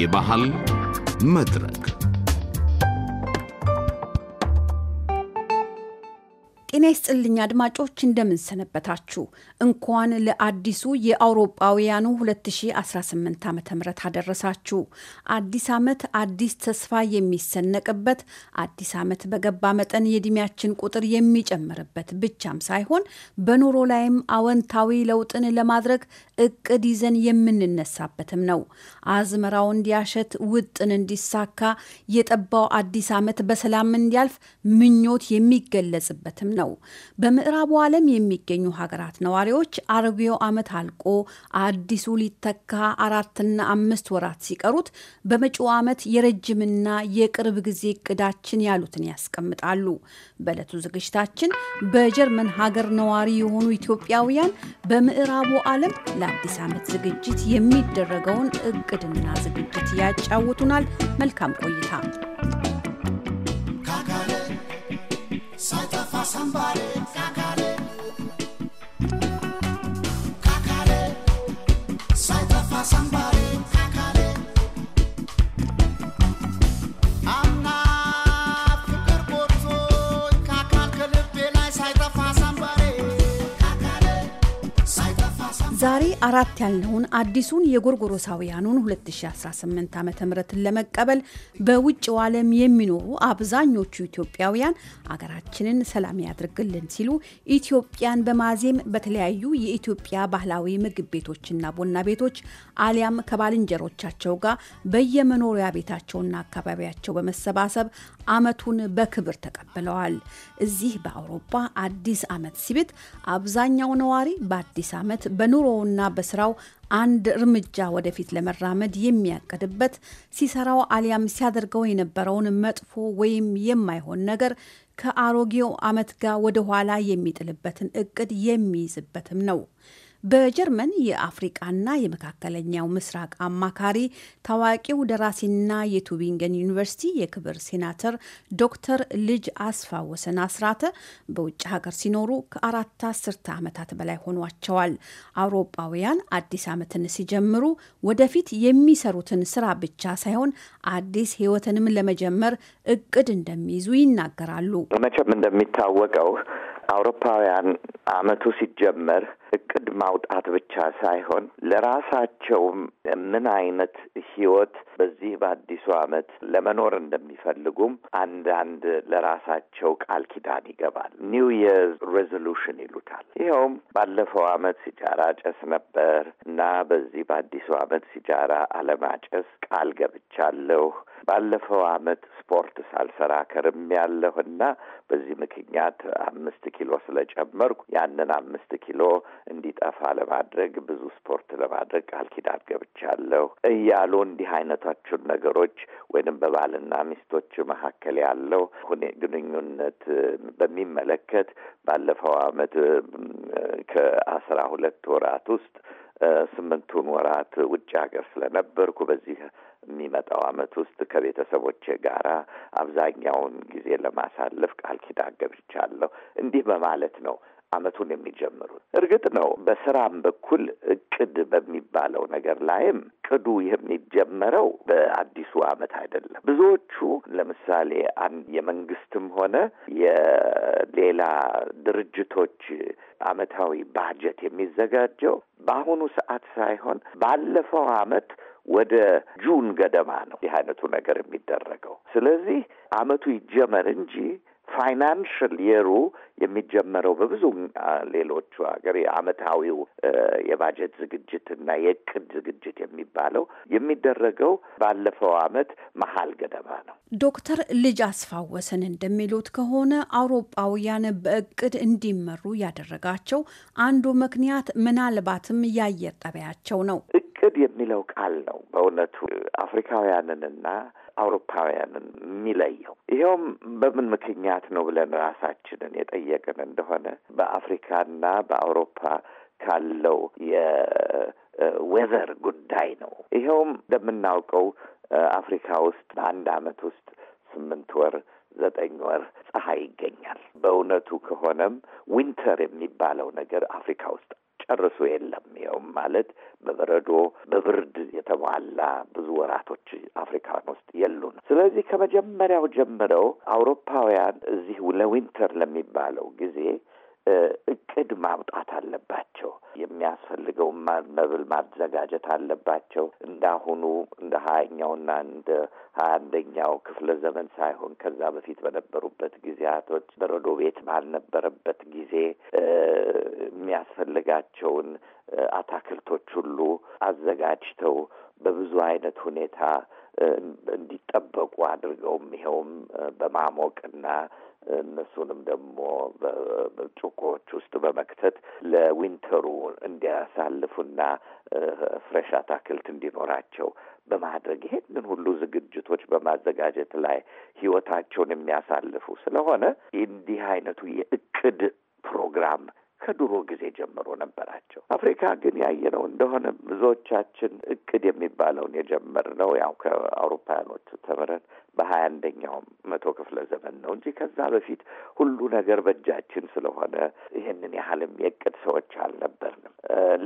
የባህል መድረክ ጤና ይስጥልኝ አድማጮች፣ እንደምንሰነበታችሁ። እንኳን ለአዲሱ የአውሮጳውያኑ 2018 ዓ ም አደረሳችሁ። አዲስ ዓመት አዲስ ተስፋ የሚሰነቅበት አዲስ ዓመት በገባ መጠን የእድሜያችን ቁጥር የሚጨምርበት ብቻም ሳይሆን በኑሮ ላይም አወንታዊ ለውጥን ለማድረግ እቅድ ይዘን የምንነሳበትም ነው። አዝመራው እንዲያሸት፣ ውጥን እንዲሳካ፣ የጠባው አዲስ ዓመት በሰላም እንዲያልፍ ምኞት የሚገለጽበትም ነው። ነው። በምዕራቡ ዓለም የሚገኙ ሀገራት ነዋሪዎች አርቢው ዓመት አልቆ አዲሱ ሊተካ አራትና አምስት ወራት ሲቀሩት በመጪው ዓመት የረጅምና የቅርብ ጊዜ እቅዳችን ያሉትን ያስቀምጣሉ። በዕለቱ ዝግጅታችን በጀርመን ሀገር ነዋሪ የሆኑ ኢትዮጵያውያን በምዕራቡ ዓለም ለአዲስ ዓመት ዝግጅት የሚደረገውን እቅድና ዝግጅት ያጫውቱናል። መልካም ቆይታ። ዛሬ አራት ያለውን አዲሱን የጎርጎሮሳውያኑን 2018 ዓ ም ለመቀበል በውጭው ዓለም የሚኖሩ አብዛኞቹ ኢትዮጵያውያን አገራችንን ሰላም ያድርግልን ሲሉ ኢትዮጵያን በማዜም በተለያዩ የኢትዮጵያ ባህላዊ ምግብ ቤቶችና ቡና ቤቶች አሊያም ከባልንጀሮቻቸው ጋር በየመኖሪያ ቤታቸውና አካባቢያቸው በመሰባሰብ አመቱን በክብር ተቀብለዋል። እዚህ በአውሮፓ አዲስ አመት ሲቤት አብዛኛው ነዋሪ በአዲስ አመት በኑሮውና በስራው አንድ እርምጃ ወደፊት ለመራመድ የሚያቅድበት ሲሰራው አሊያም ሲያደርገው የነበረውን መጥፎ ወይም የማይሆን ነገር ከአሮጌው አመት ጋር ወደ ኋላ የሚጥልበትን እቅድ የሚይዝበትም ነው። በጀርመን የአፍሪቃና የመካከለኛው ምስራቅ አማካሪ ታዋቂው ደራሲና የቱቢንገን ዩኒቨርሲቲ የክብር ሴናተር ዶክተር ልጅ አስፋ ወሰን አስራተ በውጭ ሀገር ሲኖሩ ከአራት አስርተ ዓመታት በላይ ሆኗቸዋል። አውሮጳውያን አዲስ ዓመትን ሲጀምሩ ወደፊት የሚሰሩትን ስራ ብቻ ሳይሆን አዲስ ህይወትንም ለመጀመር እቅድ እንደሚይዙ ይናገራሉ። መቼም እንደሚታወቀው አውሮፓውያን ዓመቱ ሲጀመር እቅድ ማውጣት ብቻ ሳይሆን ለራሳቸውም ምን አይነት ህይወት በዚህ በአዲሱ ዓመት ለመኖር እንደሚፈልጉም አንዳንድ ለራሳቸው ቃል ኪዳን ይገባል። ኒው የር ሬዞሉሽን ይሉታል። ይኸውም ባለፈው ዓመት ሲጃራ ጨስ ነበር እና በዚህ በአዲሱ ዓመት ሲጃራ አለማጨስ ቃል ገብቻለሁ። ባለፈው ዓመት ስፖርት ሳልሰራ ከርም ያለሁ እና በዚህ ምክንያት አምስት ኪሎ ስለጨመርኩ ያንን አምስት ኪሎ እንዲጠፋ ለማድረግ ብዙ ስፖርት ለማድረግ ቃል ኪዳን ገብቻለሁ እያሉ እንዲህ አይነቶቹን ነገሮች ወይንም በባልና ሚስቶች መካከል ያለው ግንኙነት በሚመለከት ባለፈው ዓመት ከአስራ ሁለት ወራት ውስጥ ስምንቱን ወራት ውጭ ሀገር ስለነበርኩ በዚህ የሚመጣው ዓመት ውስጥ ከቤተሰቦቼ ጋራ አብዛኛውን ጊዜ ለማሳለፍ ቃል ኪዳን ገብቻለሁ። እንዲህ በማለት ነው አመቱን የሚጀምሩት። እርግጥ ነው በስራም በኩል እቅድ በሚባለው ነገር ላይም እቅዱ የሚጀመረው በአዲሱ አመት አይደለም። ብዙዎቹ ለምሳሌ አንድ የመንግስትም ሆነ የሌላ ድርጅቶች አመታዊ ባጀት የሚዘጋጀው በአሁኑ ሰዓት ሳይሆን ባለፈው አመት ወደ ጁን ገደማ ነው ይህ አይነቱ ነገር የሚደረገው። ስለዚህ አመቱ ይጀመር እንጂ ፋይናንሽል የሩ የሚጀመረው በብዙ ሌሎቹ ሀገር የአመታዊው የባጀት ዝግጅት እና የእቅድ ዝግጅት የሚባለው የሚደረገው ባለፈው አመት መሀል ገደማ ነው። ዶክተር ልጅ አስፋወሰን እንደሚሉት ከሆነ አውሮፓውያን በእቅድ እንዲመሩ ያደረጋቸው አንዱ ምክንያት ምናልባትም የአየር ጠበያቸው ነው። የሚለው ቃል ነው በእውነቱ አፍሪካውያንንና አውሮፓውያንን የሚለየው። ይኸውም በምን ምክንያት ነው ብለን ራሳችንን የጠየቅን እንደሆነ በአፍሪካና በአውሮፓ ካለው የዌዘር ጉዳይ ነው። ይኸውም እንደምናውቀው አፍሪካ ውስጥ በአንድ አመት ውስጥ ስምንት ወር ዘጠኝ ወር ፀሐይ ይገኛል። በእውነቱ ከሆነም ዊንተር የሚባለው ነገር አፍሪካ ውስጥ ጨርሶ የለም። ይኸውም ማለት በበረዶ በብርድ የተሟላ ብዙ ወራቶች አፍሪካን ውስጥ የሉን። ስለዚህ ከመጀመሪያው ጀምረው አውሮፓውያን እዚህ ለዊንተር ለሚባለው ጊዜ እቅድ ማውጣት አለባቸው። የሚያስፈልገው መብል ማዘጋጀት አለባቸው። እንዳሁኑ እንደ ሀያኛውና እንደ ሀያ አንደኛው ክፍለ ዘመን ሳይሆን ከዛ በፊት በነበሩበት ጊዜያቶች በረዶ ቤት ባልነበረበት ጊዜ የሚያስፈልጋቸውን አታክልቶች ሁሉ አዘጋጅተው በብዙ አይነት ሁኔታ እንዲጠበቁ አድርገውም ይኸውም በማሞቅና እነሱንም ደግሞ በብርጭቆዎች ውስጥ በመክተት ለዊንተሩ እንዲያሳልፉና ፍሬሽ አታክልት እንዲኖራቸው በማድረግ ይሄንን ሁሉ ዝግጅቶች በማዘጋጀት ላይ ህይወታቸውን የሚያሳልፉ ስለሆነ እንዲህ አይነቱ የእቅድ ፕሮግራም ከድሮ ጊዜ ጀምሮ ነበራቸው። አፍሪካ ግን ያየነው እንደሆነ ብዙዎቻችን እቅድ የሚባለውን የጀመርነው ያው ከአውሮፓውያኖቹ ተምረን በሀያ አንደኛው መቶ ክፍለ ዘመን ነው እንጂ ከዛ በፊት ሁሉ ነገር በእጃችን ስለሆነ ይህንን ያህልም የእቅድ ሰዎች አልነበርንም።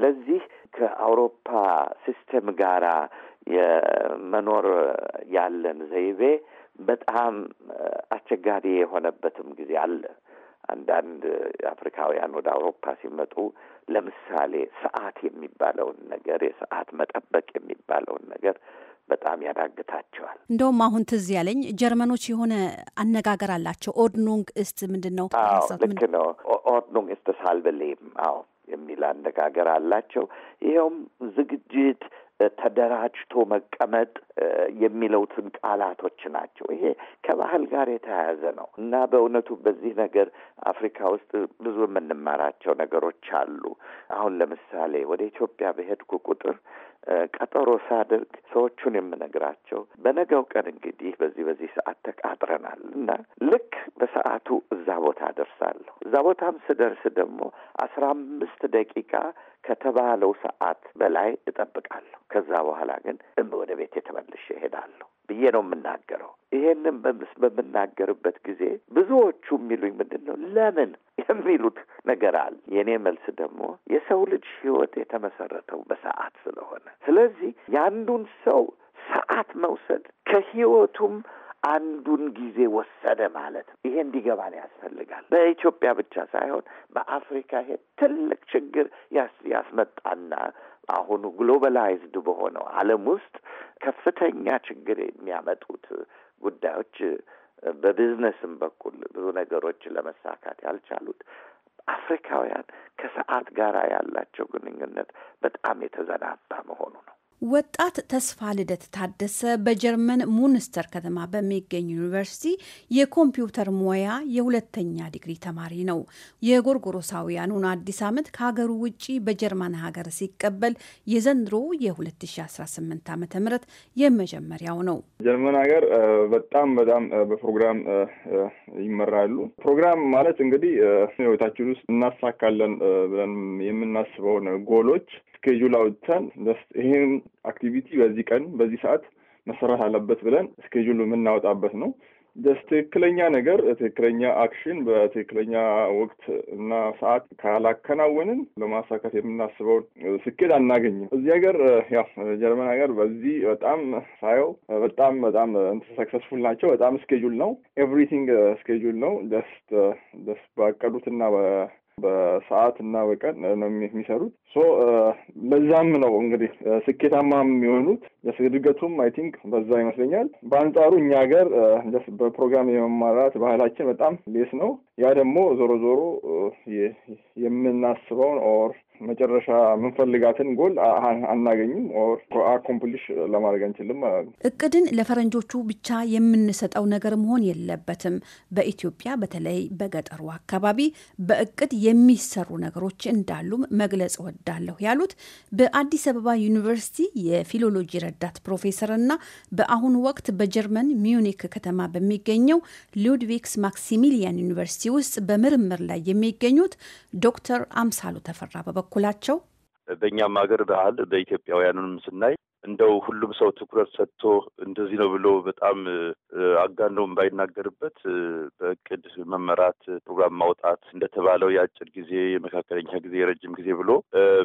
ለዚህ ከአውሮፓ ሲስተም ጋራ የመኖር ያለን ዘይቤ በጣም አስቸጋሪ የሆነበትም ጊዜ አለ። አንዳንድ አፍሪካውያን ወደ አውሮፓ ሲመጡ ለምሳሌ ሰዓት የሚባለውን ነገር የሰዓት መጠበቅ የሚባለውን ነገር በጣም ያዳግታቸዋል። እንደውም አሁን ትዝ ያለኝ ጀርመኖች የሆነ አነጋገር አላቸው። ኦድኑንግ እስት ምንድን ነው? ልክ ነው። ኦድኑንግ እስት ሳልበሌም አዎ የሚል አነጋገር አላቸው። ይኸውም ዝግጅት ተደራጅቶ መቀመጥ የሚለውትን ቃላቶች ናቸው። ይሄ ከባህል ጋር የተያያዘ ነው እና በእውነቱ በዚህ ነገር አፍሪካ ውስጥ ብዙ የምንማራቸው ነገሮች አሉ። አሁን ለምሳሌ ወደ ኢትዮጵያ በሄድኩ ቁጥር ቀጠሮ ሳድርግ ሰዎቹን የምነግራቸው በነገው ቀን እንግዲህ በዚህ በዚህ ሰዓት ተቃጥረናል እና ልክ በሰዓቱ እዛ ቦታ ደርሳለሁ። እዛ ቦታም ስደርስ ደግሞ አስራ አምስት ደቂቃ ከተባለው ሰዓት በላይ እጠብቃለሁ። ከዛ በኋላ ግን እም ወደ ቤት ተመልሼ እሄዳለሁ ብዬ ነው የምናገረው። በምስ በምናገርበት ጊዜ ብዙዎቹ የሚሉኝ ምንድን ነው ለምን የሚሉት ነገር አለ። የእኔ መልስ ደግሞ የሰው ልጅ ህይወት የተመሰረተው በሰዓት ስለሆነ ስለዚህ የአንዱን ሰው ሰዓት መውሰድ ከህይወቱም አንዱን ጊዜ ወሰደ ማለት ነው። ይሄ እንዲገባን ያስፈልጋል። በኢትዮጵያ ብቻ ሳይሆን በአፍሪካ ይሄ ትልቅ ችግር ያስመጣና አሁኑ ግሎባላይዝድ በሆነው ዓለም ውስጥ ከፍተኛ ችግር የሚያመጡት ጉዳዮች በቢዝነስም በኩል ብዙ ነገሮች ለመሳካት ያልቻሉት አፍሪካውያን ከሰዓት ጋር ያላቸው ግንኙነት በጣም የተዘናባ መሆኑ ነው። ወጣት ተስፋ ልደት ታደሰ በጀርመን ሙንስተር ከተማ በሚገኝ ዩኒቨርሲቲ የኮምፒውተር ሙያ የሁለተኛ ዲግሪ ተማሪ ነው። የጎርጎሮሳውያኑን አዲስ ዓመት ከሀገሩ ውጪ በጀርመን ሀገር ሲቀበል የዘንድሮ የ2018 ዓ ም የመጀመሪያው ነው። ጀርመን ሀገር በጣም በጣም በፕሮግራም ይመራሉ። ፕሮግራም ማለት እንግዲህ ህይወታችን ውስጥ እናሳካለን ብለን የምናስበውን ጎሎች ስኬጁል አውጥተን ይህም አክቲቪቲ በዚህ ቀን በዚህ ሰዓት መሰራት አለበት ብለን እስኬጁል የምናወጣበት ነው። ደስ ትክክለኛ ነገር ትክክለኛ አክሽን በትክክለኛ ወቅት እና ሰዓት ካላከናወንን ለማሳካት የምናስበውን ስኬት አናገኝም። እዚህ ሀገር ያው ጀርመን ሀገር በዚህ በጣም ሳየው በጣም በጣም ሰክሰስፉል ናቸው። በጣም ስኬጁል ነው፣ ኤቭሪቲንግ ስኬጁል ነው። ደስ ደስ ባቀዱትና በሰዓት እና በቀን ነው የሚሰሩት። ሶ ለዛም ነው እንግዲህ ስኬታማ የሚሆኑት። እድገቱም አይ ቲንክ በዛ ይመስለኛል። በአንጻሩ እኛ ሀገር በፕሮግራም የመማራት ባህላችን በጣም ሌስ ነው። ያ ደግሞ ዞሮ ዞሮ የምናስበውን ኦር መጨረሻ የምንፈልጋትን ጎል አናገኝም ኦር አኮምፕሊሽ ለማድረግ አንችልም ማለት ነው። እቅድን ለፈረንጆቹ ብቻ የምንሰጠው ነገር መሆን የለበትም። በኢትዮጵያ በተለይ በገጠሩ አካባቢ በእቅድ የሚሰሩ ነገሮች እንዳሉም መግለጽ እወዳለሁ ያሉት በአዲስ አበባ ዩኒቨርሲቲ የፊሎሎጂ ረዳት ፕሮፌሰር እና በአሁኑ ወቅት በጀርመን ሚዩኒክ ከተማ በሚገኘው ሉድቪክስ ማክሲሚሊያን ዩኒቨርሲቲ ውስጥ በምርምር ላይ የሚገኙት ዶክተር አምሳሉ ተፈራ በበኩ በበኩላቸው በእኛም ሀገር ባህል በኢትዮጵያውያንም ስናይ እንደው ሁሉም ሰው ትኩረት ሰጥቶ እንደዚህ ነው ብሎ በጣም አጋኖም ባይናገርበት በእቅድ መመራት፣ ፕሮግራም ማውጣት እንደተባለው የአጭር ጊዜ፣ የመካከለኛ ጊዜ፣ የረጅም ጊዜ ብሎ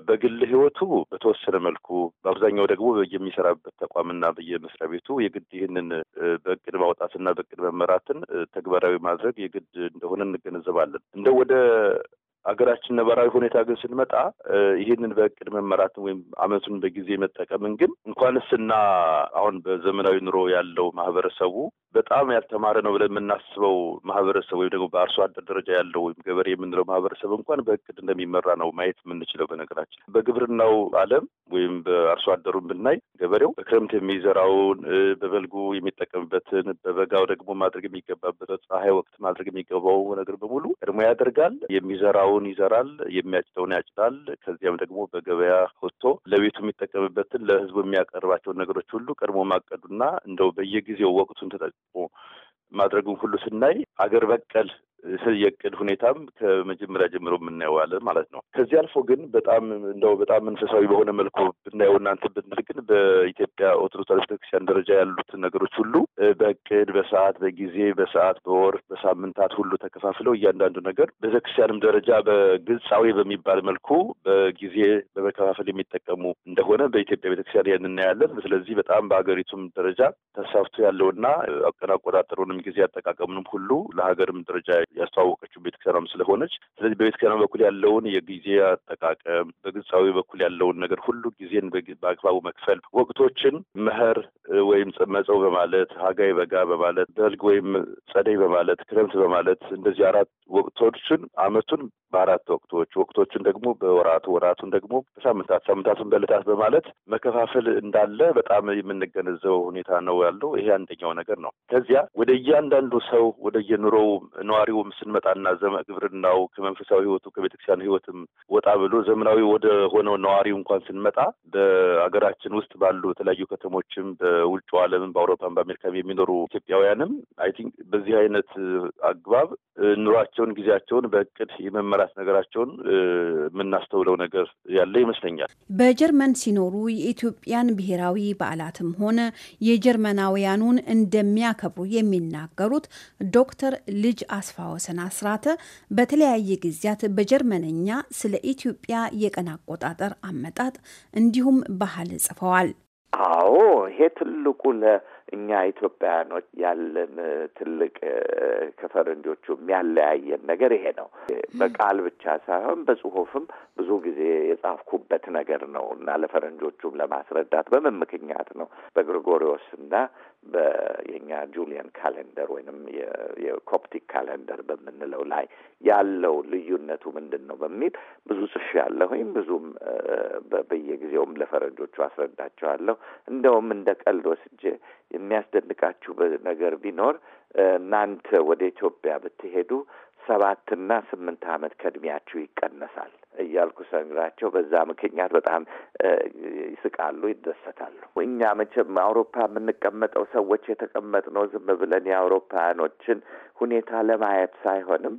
በግል ህይወቱ በተወሰነ መልኩ በአብዛኛው ደግሞ የሚሰራበት ተቋምና በየመስሪያ ቤቱ የግድ ይህንን በእቅድ ማውጣትና በእቅድ መመራትን ተግባራዊ ማድረግ የግድ እንደሆነ እንገነዘባለን። እንደው ወደ አገራችን ነባራዊ ሁኔታ ግን ስንመጣ ይህንን በእቅድ መመራትን ወይም አመቱን በጊዜ መጠቀምን ግን እንኳንስና አሁን በዘመናዊ ኑሮ ያለው ማህበረሰቡ በጣም ያልተማረ ነው ብለን የምናስበው ማህበረሰብ ወይም ደግሞ በአርሶ አደር ደረጃ ያለው ወይም ገበሬ የምንለው ማህበረሰብ እንኳን በእቅድ እንደሚመራ ነው ማየት የምንችለው። በነገራችን በግብርናው ዓለም ወይም በአርሶ አደሩን ብናይ ገበሬው በክረምት የሚዘራውን በበልጉ የሚጠቀምበትን በበጋው ደግሞ ማድረግ የሚገባበት ፀሐይ ወቅት ማድረግ የሚገባው ነገር በሙሉ ቀድሞ ያደርጋል የሚዘራው የሚዘራውን ይዘራል፣ የሚያጭደውን ያጭዳል። ከዚያም ደግሞ በገበያ ወጥቶ ለቤቱ የሚጠቀምበትን ለህዝቡ የሚያቀርባቸውን ነገሮች ሁሉ ቀድሞ ማቀዱና እንደው በየጊዜው ወቅቱን ተጠቅሞ ማድረጉን ሁሉ ስናይ አገር በቀል የእቅድ ሁኔታም ከመጀመሪያ ጀምሮ የምናየዋለን ማለት ነው። ከዚህ አልፎ ግን በጣም እንደው በጣም መንፈሳዊ በሆነ መልኩ ብናየው እናንተ ብንል ግን በኢትዮጵያ ኦርቶዶክስ ቤተክርስቲያን ደረጃ ያሉት ነገሮች ሁሉ በእቅድ በሰዓት በጊዜ በሰዓት በወር በሳምንታት ሁሉ ተከፋፍለው እያንዳንዱ ነገር ቤተክርስቲያንም ደረጃ በግልጻዊ በሚባል መልኩ በጊዜ በመከፋፈል የሚጠቀሙ እንደሆነ በኢትዮጵያ ቤተክርስቲያን ያን እናያለን። ስለዚህ በጣም በሀገሪቱም ደረጃ ተሳፍቶ ያለውና ቀን አቆጣጠሩንም ጊዜ አጠቃቀሙንም ሁሉ ለሀገርም ደረጃ ያስተዋወቀችው ቤተ ክርስቲያኗም ስለሆነች፣ ስለዚህ በቤተ በኩል ያለውን የጊዜ አጠቃቀም በግብፃዊ በኩል ያለውን ነገር ሁሉ ጊዜን በአግባቡ መክፈል፣ ወቅቶችን መኸር ወይም መጸው በማለት ሀጋይ በጋ በማለት በልግ ወይም ጸደይ በማለት ክረምት በማለት እንደዚህ አራት ወቅቶችን አመቱን በአራት ወቅቶች ወቅቶችን ደግሞ በወራቱ ወራቱን ደግሞ በሳምንታት ሳምንታቱን በዕለታት በማለት መከፋፈል እንዳለ በጣም የምንገነዘበው ሁኔታ ነው ያለው። ይሄ አንደኛው ነገር ነው። ከዚያ ወደ እያንዳንዱ ሰው ወደ የኑሮው ነዋሪው ስንመጣና ግብርናው ከመንፈሳዊ ህይወቱ ከቤተክርስቲያን ህይወትም ወጣ ብሎ ዘመናዊ ወደ ሆነው ነዋሪው እንኳን ስንመጣ በሀገራችን ውስጥ ባሉ የተለያዩ ከተሞችም በውጭ ዓለምም በአውሮፓም በአሜሪካም የሚኖሩ ኢትዮጵያውያንም አይ ቲንክ በዚህ አይነት አግባብ ኑሯቸውን ጊዜያቸውን በእቅድ የመመራት ነገራቸውን የምናስተውለው ነገር ያለ ይመስለኛል። በጀርመን ሲኖሩ የኢትዮጵያን ብሔራዊ በዓላትም ሆነ የጀርመናውያኑን እንደሚያከብሩ የሚናገሩት ዶክተር ልጅ አስፋወ ወሰን አስራተ በተለያየ ጊዜያት በጀርመንኛ ስለ ኢትዮጵያ የቀን አቆጣጠር አመጣጥ እንዲሁም ባህል ጽፈዋል። አዎ ይሄ ትልቁ ለእኛ ኢትዮጵያውያኖች ያለን ትልቅ ከፈረንጆቹ የሚያለያየን ነገር ይሄ ነው። በቃል ብቻ ሳይሆን በጽሁፍም ብዙ ጊዜ የጻፍኩበት ነገር ነው እና ለፈረንጆቹም ለማስረዳት በምን ምክንያት ነው በግሪጎሪዎስ እና በየኛ ጁሊያን ካሌንደር ወይንም የኮፕቲክ ካሌንደር በምንለው ላይ ያለው ልዩነቱ ምንድን ነው በሚል ብዙ ጽፌ ያለሁኝ ብዙም በየጊዜውም ለፈረንጆቹ አስረዳቸዋለሁ። እንደውም እንደ ቀልድ ወስጄ የሚያስደንቃችሁ ነገር ቢኖር እናንተ ወደ ኢትዮጵያ ብትሄዱ ሰባትና ስምንት ዓመት ከእድሜያችሁ ይቀነሳል እያልኩ ሰንግራቸው በዛ ምክንያት በጣም ይስቃሉ፣ ይደሰታሉ። እኛ መቼም አውሮፓ የምንቀመጠው ሰዎች የተቀመጥነው ዝም ብለን የአውሮፓውያኖችን ሁኔታ ለማየት ሳይሆንም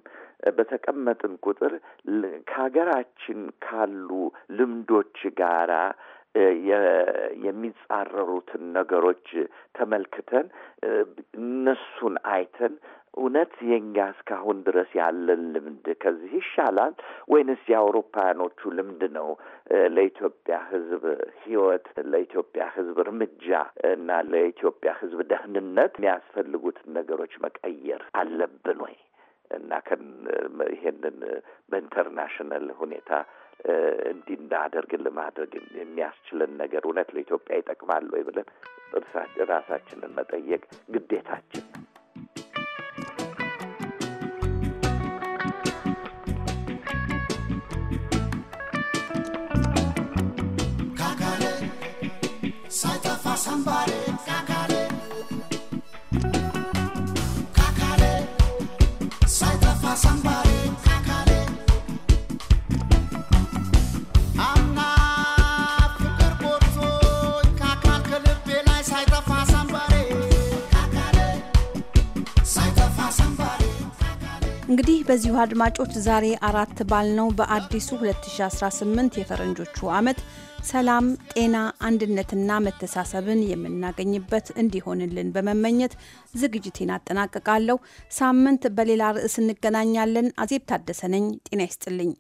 በተቀመጥን ቁጥር ከሀገራችን ካሉ ልምዶች ጋራ የሚጻረሩትን ነገሮች ተመልክተን እነሱን አይተን እውነት የእኛ እስካሁን ድረስ ያለን ልምድ ከዚህ ይሻላል ወይንስ የአውሮፓውያኖቹ ልምድ ነው ለኢትዮጵያ ሕዝብ ሕይወት ለኢትዮጵያ ሕዝብ እርምጃ እና ለኢትዮጵያ ሕዝብ ደህንነት የሚያስፈልጉትን ነገሮች መቀየር አለብን ወይ? እና ይሄንን በኢንተርናሽናል ሁኔታ እንድናደርግን ለማድረግ የሚያስችለን ነገር እውነት ለኢትዮጵያ ይጠቅማል ወይ ብለን ራሳችንን መጠየቅ ግዴታችን ነው። እንግዲህ በዚሁ አድማጮች ዛሬ አራት ባልነው በአዲሱ 2018 የፈረንጆቹ ዓመት ሰላም፣ ጤና፣ አንድነትና መተሳሰብን የምናገኝበት እንዲሆንልን በመመኘት ዝግጅቴን አጠናቅቃለሁ። ሳምንት በሌላ ርዕስ እንገናኛለን። አዜብ ታደሰ ነኝ። ጤና ይስጥልኝ።